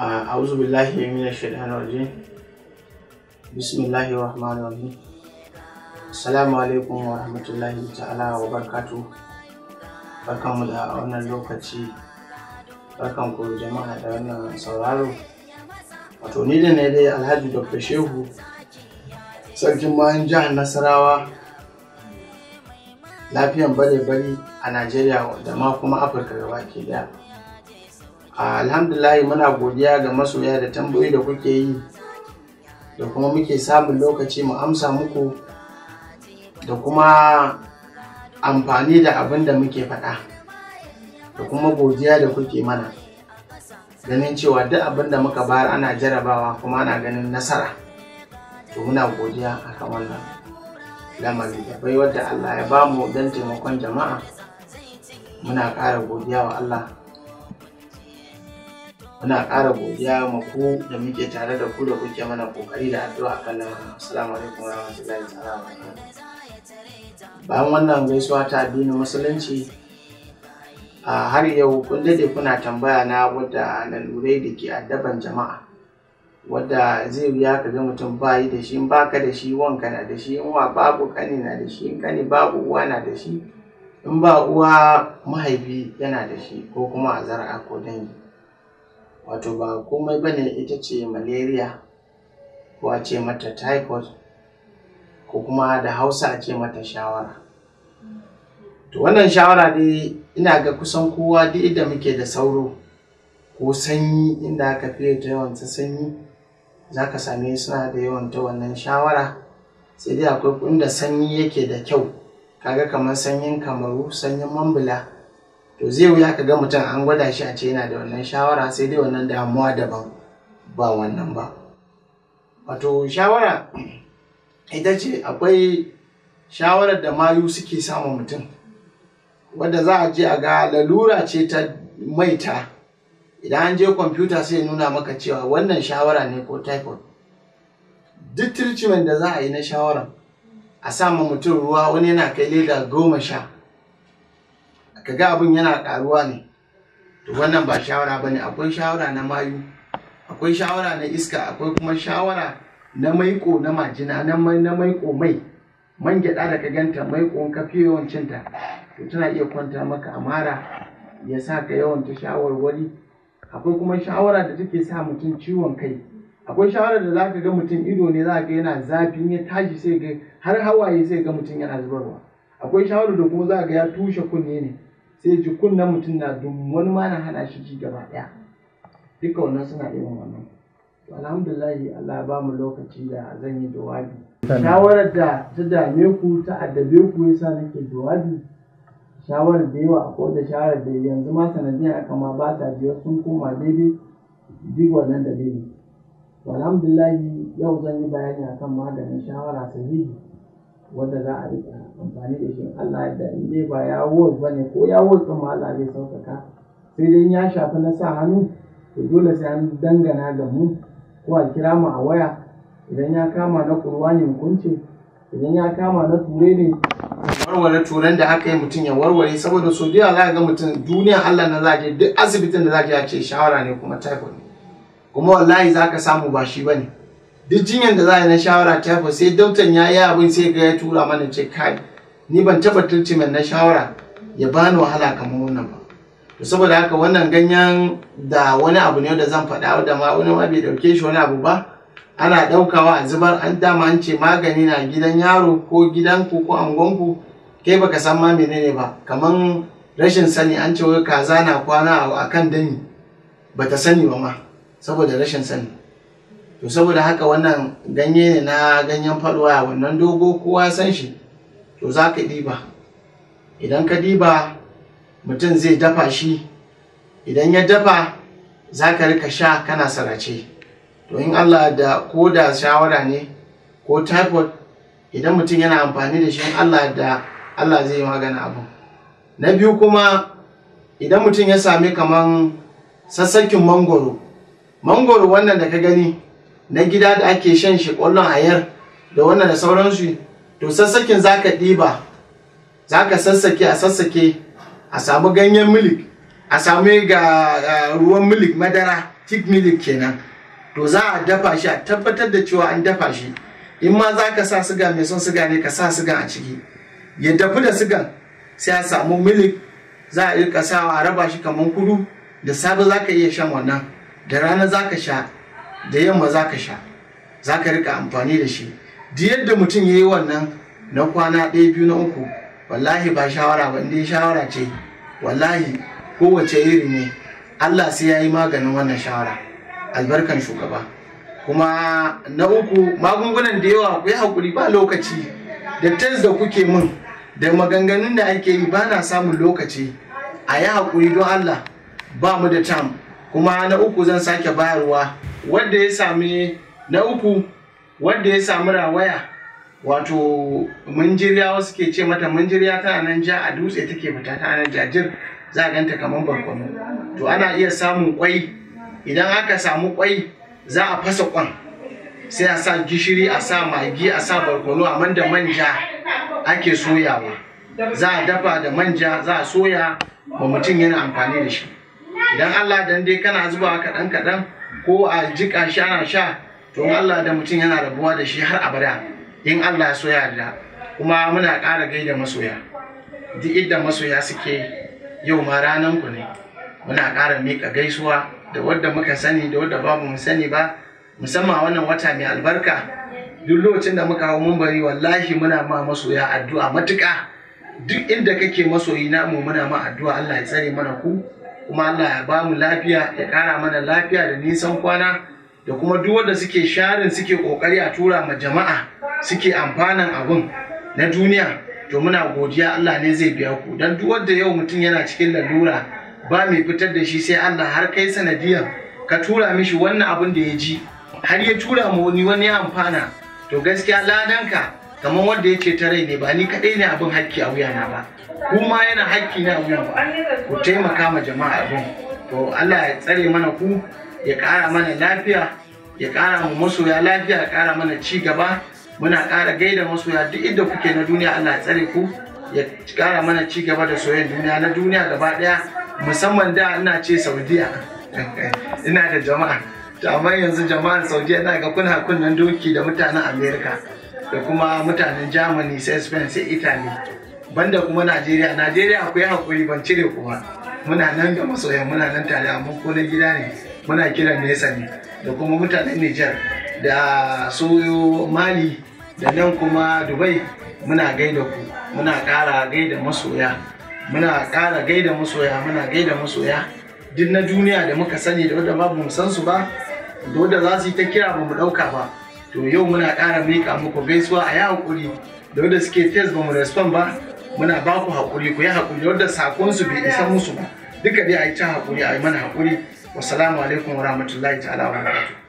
أعوذ بالله من الشيطان الرجيم بسم الله الرحمن الرحيم السلام عليكم ورحمة الله تعالى وبركاته barkanmu da wannan lokaci barkan ku jama'a da wannan sauraro wato ni da ne dai alhaji dr shehu sarkin bayan jihar nasarawa lafiyan bare-bari a najeriya da ma kuma afirka gaba ke daya alhamdulillah muna godiya ga masoya da tambayoyi da kuke yi da kuma muke samun lokaci mu amsa muku da kuma amfani da abin da muke faɗa da kuma godiya da kuke mana ganin cewa duk abin da muka bayar ana jarabawa kuma ana ganin nasara to muna godiya kan wannan lamari da bai wadda Allah ya bamu don taimakon jama'a muna ƙara godiya wa Allah muna ƙara godiya ma ku da muke tare da ku da kuke mana kokari da addu'a kan lamarin assalamu alaikum wa rahmatullahi ta'ala bayan wannan gaisuwa ta addinin musulunci a har yau kun dade kuna tambaya na wadda lalurai da ke addaban jama'a wadda zai wuya ka ga mutum bayi da shi in baka da shi wanka na da shi in wa babu kani na da shi in kani babu uwa na da shi in ba uwa mahaifi yana da shi ko kuma a zar'a ko dangi wato ba komai ba ne ita ce malaria ko a ce mata typhoid ko kuma da hausa a ce mata shawara to wannan shawara dai ina ga kusan kowa duk inda muke da sauro ko sanyi inda aka fiye ta yawan ta sanyi za ka same suna da yawan ta wannan shawara sai dai akwai inda sanyi yake da kyau ka ga kamar sanyin kamaru sanyin mambula to zai wuya ka ga mutum an gwada shi a ce yana da wannan shawara sai dai wannan damuwa daban ba wannan ba wato shawara ita ce akwai shawarar da mayu suke samun mutum wadda za a je a ga lalura ce ta maita idan an je kwamfuta sai nuna maka cewa wannan shawara ne ko typhoid duk treatment da za a yi na shawara a sama mutum ruwa wani yana kai leda goma sha kaga abin yana karuwa ne to wannan ba shawara bane akwai shawara na mayu akwai shawara na iska akwai kuma shawara na maiko na majina na maiko mai man gyada da ka ganta maikon ka fi yawan cinta to tana iya kwanta maka amara ya sa ka yawan ta shawarwari akwai kuma shawara da take sa mutum ciwon kai akwai shawara da zaka ga mutum ido ne za ga yana zafi ya tashi sai ga har hawaye sai ga mutum yana zubarwa akwai shawara da kuma za ga ya tushe kunne ne sai ji kunnen mutum na dun wani ma na hana shi ji gaba ɗaya duka wannan suna irin wannan to Allah ba mu lokaci da zan yi jawabi shawarar da ta dame ku ta addabe ku yasa nake jawabi shawarar da yawa ko da shawarar da yanzu ma sanadiyar aka ma ba ta biyar sun koma daidai duk wannan da daidai alhamdulillahi yau zan yi bayani akan maganin shawara sahihi wanda za a riƙa amfani da shi Allah da in dai ba ya wol bane ko ya wol din ma Allah zai sauƙaƙa sai dai ya shafi na sa hannu to dole sai an dangana da mu ko a kira mu a waya idan ya kama na kurwa ne hukunci idan ya kama na ture ne warware turen da aka yi mutum ya warware saboda so da za ga mutum duniya Allah na za duk asibitin da za ya ce shawara ne kuma typhoid ne kuma wallahi za ka samu ba shi ne duk jinyar da za a yi na shawara typhoid sai dautan ya yi abin sai ga ya tura mana ce kai ni ban taɓa treatment na shawara ya bani wahala kamar wannan ba to saboda haka wannan ganyen da wani abu ne da zan faɗa da ma wani ma bai ɗauke shi wani abu ba ana ɗaukawa a zubar an dama an ce magani na gidan yaro ko gidanku ko angonku kai baka san ma menene ba kaman rashin sani an ce wai kaza na kwana a kan dani bata sani ba ma saboda rashin sani to saboda haka wannan ganye ne na ganyen faɗuwa wannan dogo kowa san shi to za ka ɗiba idan ka ɗiba mutum zai dafa shi idan ya dafa za ka rika sha kana sarace to in allah da ko da shawara ne ko typhoid idan mutum yana amfani da shi in allah da allah zai yi magana abu na biyu kuma idan mutum ya sami kaman sassakin mangoro mangoro wannan da ka gani na gida da ake shan shi kwallon ayar da wannan da sauransu to sassakin za ka ɗiba za ka sassake a sassake a samu ganyen milik a samu ga ruwan milik madara thick milik kenan to za a dafa shi a tabbatar da cewa an dafa shi in ma za ka sa siga mai son siga ne ka sa suga a ciki ya tafi da sigan sai a samu milik za a rika sawa a raba shi kamar kudu da safe za ka iya shan wannan da rana za sha da yamma za ka sha za ka rika amfani da shi duk yadda mutum ya yi wannan na kwana ɗaya biyu na uku wallahi ba shawara ba inda shawara ce wallahi kowace iri ne allah sai ya yi maganin wannan shawara albarkan shugaba kuma na uku magungunan da yawa ku yi haƙuri ba lokaci da test da kuke min da maganganun da ake yi ba na samun lokaci a yi haƙuri don allah ba mu da tam kuma na uku zan sake bayarwa wanda ya sami na uku wanda ya samu rawaya wato munjiriya wasu ke ce mata munjiriya tana nan ja a dutse take fita ta nan jajir za a ganta kamar barkono to ana iya samun kwai idan aka samu kwai za a fasa kwan sai a sa gishiri a sa magi a sa barkono a man da manja ake soyawa za a dafa da manja za a soya ma mutum yana amfani da shi idan allah dan dai kana zubawa kaɗan kaɗan ko a jika shi ana sha to Allah da mutum yana rabuwa da shi har abada in Allah ya soya da kuma muna ƙara gaida masoya duk inda masoya suke yau ma ranan ku ne muna kara miƙa gaisuwa da wadda muka sani da wadda babu mu sani ba musamman wannan wata mai albarka duk lokacin da muka hau mumbari wallahi muna ma masoya addu'a matuƙa duk inda kake masoyi namu muna ma addu'a Allah ya tsare mana ku kuma Allah ya ba mu lafiya ya kara mana lafiya da nisan kwana da kuma duk wanda suke sharin suke kokari a tura ma jama'a suke amfanan abun na duniya to muna godiya Allah ne zai biya ku dan duk wanda yau mutum yana cikin lalura ba mai fitar da shi sai Allah har kai sanadiyyan ka tura mishi wannan abun da ya ji har ya tura ma wani wani amfana to gaskiya ladanka kamar wanda ya ta rai ne ba ni kaɗai ne abin hakki a wuyana ba ma yana hakki na a ba? ku taimaka ma jama'a abin to Allah ya tsare mana ku ya kara mana lafiya ya ƙara mu masoya lafiya ya kara mana ci gaba muna kara gaida masoya duk inda kuke na duniya Allah ya tsare ku ya ƙara mana ci gaba da soyayyar duniya na duniya gaba ɗaya musamman da ina ce Saudiya ina da jama'a amma yanzu jama'ar Saudiya ina ga kuna kunnan doki da mutanen Amerika da kuma mutanen Germany sai Spain sai Italy banda kuma Najeriya Najeriya akwai hakuri ban cire kuma muna nan ga masoya muna nan tare amma ko na gida ne muna kiran nesa ne da kuma mutanen Nijar da su Mali da nan kuma Dubai muna gaida ku muna ƙara gaida masoya muna ƙara gaida masoya muna gaida masoya duk na duniya da muka sani da wadda babu san su ba da wadda za su yi ta kira ba mu ɗauka ba to yau muna ƙara miƙa muku gaisuwa a yi haƙuri da wadda suke test ba mu respond ba muna ba ku haƙuri ku yi haƙuri wadda sakon su bai isa musu ba duka dai a yi ta haƙuri a yi mana haƙuri wassalamu alaikum wa rahmatullahi ta'ala wa barakatuh